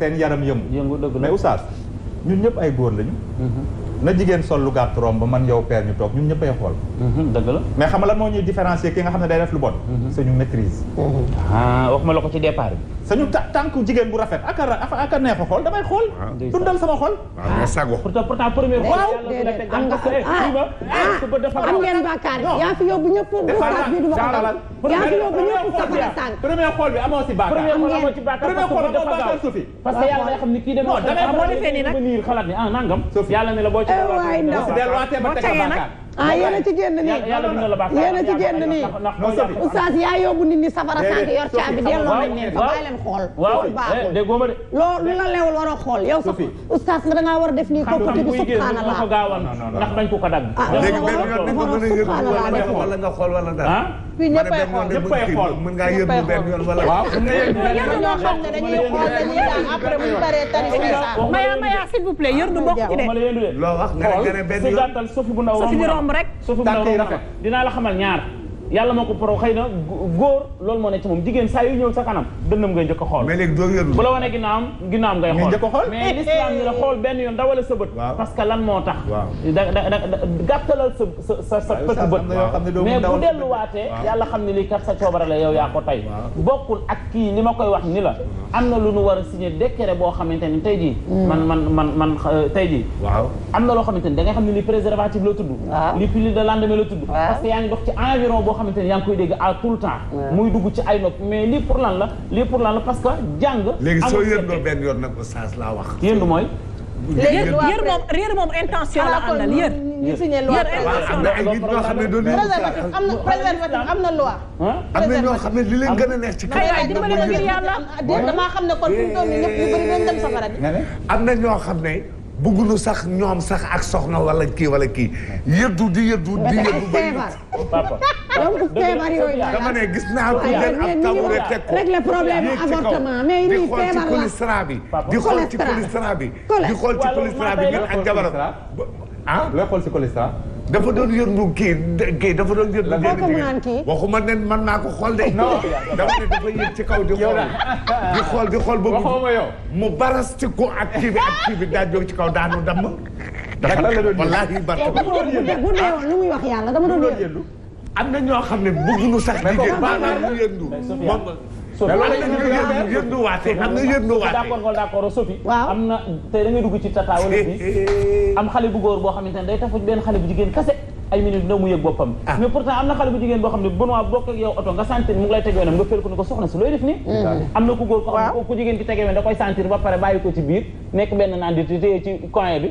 seen yaram yëngu. yëngu dëgg la mais oustaz ñun ñëpp ay góor lañu. Mm-hmm. na jigéen sol lu gàtt romb ba man yow père ñu toog ñun ñëppay xool. Mhm, mais xam moo ñuy différencier ki nga xam ne day def lu bon. Mhm. suñu maîtrise. Mhm. Ah, wax ma la ci départ bi. suñu tànk jigéen bu rafet ak a ak a neex a xool damay xool. Ah, dundal sama xool. waaw ah, mais sago. pourtant pourtant premier xool. Eh, eh, déedéet am nga am ngeen bàkkaar yaa fi yóbbu ñëpp bu sax bi du ko yaa premier xool bi amoo si bàkkaar. am ngeen premier xool amoo bàkkaar suufi. parce que yàlla xam xool defee nii nag xalaat ni ah nangam. yàlla ne la boo ci waay ndaw boo tegee nag ah yéen a ci génn nii yéen a ci génn nii oustaz yaa yóbbu nit ñi safara sànq yor caabi delloo nañ leen fa bàyyi leen xool loolu eh, baaxul loolu lu la leewul war a xool yow sax oustaz nga dangaa war a def nii kooku tegu subhanallah ndax bañ ko ko dagg ah wala nga xool wala dara ah? fii ñëppay xool ñëppay xool mën ngaa yëngu benn yoon wala waaw yërdu ñoo xam ne dañuy xool dañuy daan après mu baree tari maya maya s'il vous plaît yërdu bokk ci de loo wax nga ne benn yoon romb rek. suufum la romb dinaa la xamal ñaar. yàlla moo ko pro xëy na góor loolu moo ne ci moom jigéen saa yu ñëw sa kanam dënnam ngay njëkk a xool mais léegi bu la wane ginnaawam ginnaawam ngay xool mais l'islam la xool benn yoon dawale sa bët parce que lan moo tax da da gàttalal sa sa bu la yow yaa ma koy wax am na lu nu war a signé décret boo xamante ni jii hmm. man man man man euh, jii am na loo xamante ni da ngay xam ne li préservatif la tudd li pilule de lendemain la tudd parce que yaa ngi dox ci environ loo xamante ne ngi koy dégg à tout le temps muy dugg ci ay nopp mais lii pour lan la lii pour lan la parce que jàng léegi soo yëndoo benn yoon nag oustaz laa wax yëndu mooy yër moom yër moom intention la àndal yër ah, yër intention la am na ñoo xam ne doon préservatif am na loi am na ñoo xam ne li leen gën a neex ci kër dimbali ma ngir yàlla damaa xam ne kon fi mu toll nii ñëpp am na ñoo xam ne bëgguñu sax ñoom sax ak soxna wala kii wala kii yëddu di yëddu di yëddu ba papa donc feebar yooyu dama ne gis naa ko jël ab tabure teg ko rek le problème avortement mais nii feebar la di xool ci choléra bi di xool ci choléra bi ngeen ak jabaram ah looy xool ci choléra dafa doon yëngu kii kii dafa doon yëngu. lan waxuma ne man naa ko xool de. non dama ne dafa yëg ci kaw di xool. di xool di xool ba mu baras ci ko ak kii bi ak kii bi daa jóg ci kaw daanu damm. dafa la doon yëngu wallaahi barke bu deewoon lu muy wax yàlla dama doon yëngu. am na ñoo xam ne bëgguñu sax jigéen maanaam ñu yëndu moom mais la ñuy yëndu waatee am na na tey da ngay dugg ci tata wala xamante ne day tafu xale bu jigéen kase ay minutes dina mu yëg boppam ah. na xale bu jigéen boo xam ne Benoît bokk ak lay teg yoonam nga féel ko ne ko soxna si looy def ni mm-hmm. am na ku góor ko ku jigéen ki tege da koy sentir ba pare bàyyi ko ci biir nekk benn naan di téye ci coin bi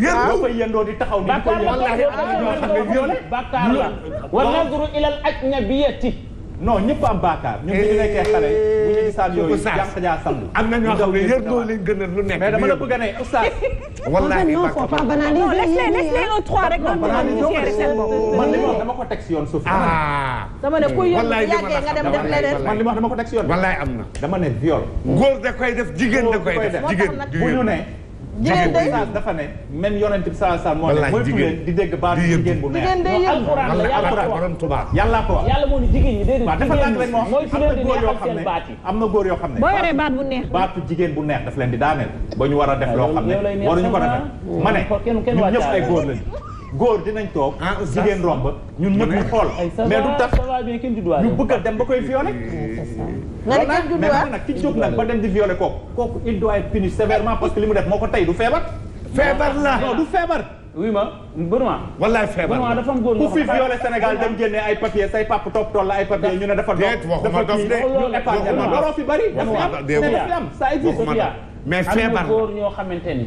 yéen ñoo koy yëndoo di taxaw di ko yëndoo wallaahi am ñoo xam ne yéen bàkkaar la wa nadru ilal ajnabiyati non ñëpp am bàkkaar ñun ñu nekkee xale bu ñu gisaan yooyu jàpp jaa sangu am na ñoo xam ne yëndoo lañ gën a lu nekk mais dama la bëgg a ne oustaz wallaahi non faut pas banaliser non laisse-les laisse-les au trois rek ah. man li ma wax dama ko teg si yoon suuf dama ne kuy yoon yàggee nga dem def leneen man li ma wax dama ko teg si yoon wallaahi am na dama ne viol góor da koy def jigéen da koy def jigéen bu ñu ne jigéen day dafa ne même yonent bi saa saa moo ne moytu leen di dégg baatu jigéen bu neex alxuraan la yàlla ko jigéen ñi déedéet dafa am na góor am na góor yoo xam ne boo yoree baat bu jigéen bu neex daf leen di daaneel ba ñu war a def loo xam ne waruñu ko defee ma ne ñun ñëpp ay góor dinañ toog. Ah, jigéen romb ñun ñëpp ñu xool. mais du tax ñu bëgg dem ba koy violé. nga ne kenn du doy nag ki jóg nag ba dem di violé kooku. kooku il doit être puni sévèrement parce li mu def moo ko tey du feebar. feebar la non du feebar. oui ma Bourma. wallaay dafa am góor ku fi violé Sénégal dem génne ay papier say pap topp toll la ay papier ñu ne dafa. dof dafa kii ñu épargne. waxuma dof fi bari. dafa am dafa am ça existe mais feebar am na góor ñoo xamante ni.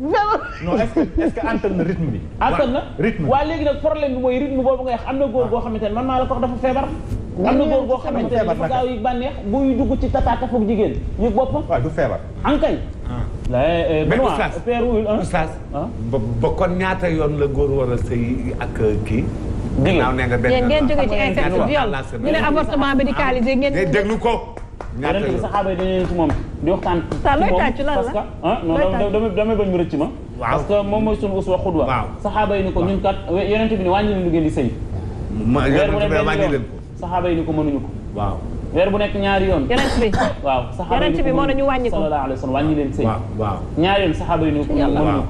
non est-ce que est-ce que antal na rythme bi. antal na rythme waaw léegi am na góor goo xamante ne man maa la ko wax dafa feebar. am na góor goo xamante ne dafa gaaw yi bànneex buy dugg ci tataaka foog jigéen ñu boppam. waaw du feebar. ankay. Ah. Eh, eh, mais oustaz Benoît oustaz. Ah. ba kon ñaata yoon la góor a sëy ak eh, kii. ginnaaw ne nga benn ngeen jóge ci inceste viol ñu déglu ko. ñaata yoon saxaaba yi dañuy ci moom di waxtaan. saa looy tàcc lan la parce ah, moom mooy sunu uswa xudwa. saxaaba yi ni ko ñun kat yonent bi ne wàññi leen lu di sëy. weer bu nekk wàññi leen saxaaba yi ni ko mënuñu ko. weer bu nekk ñaari yoon. yonent bi waaw saxaaba yi ni ko yonent bi moo nañu wàññi ko. sallallahu alayhi wa sallam wàññi sëy. waaw saxaaba yi ni ko mënuñu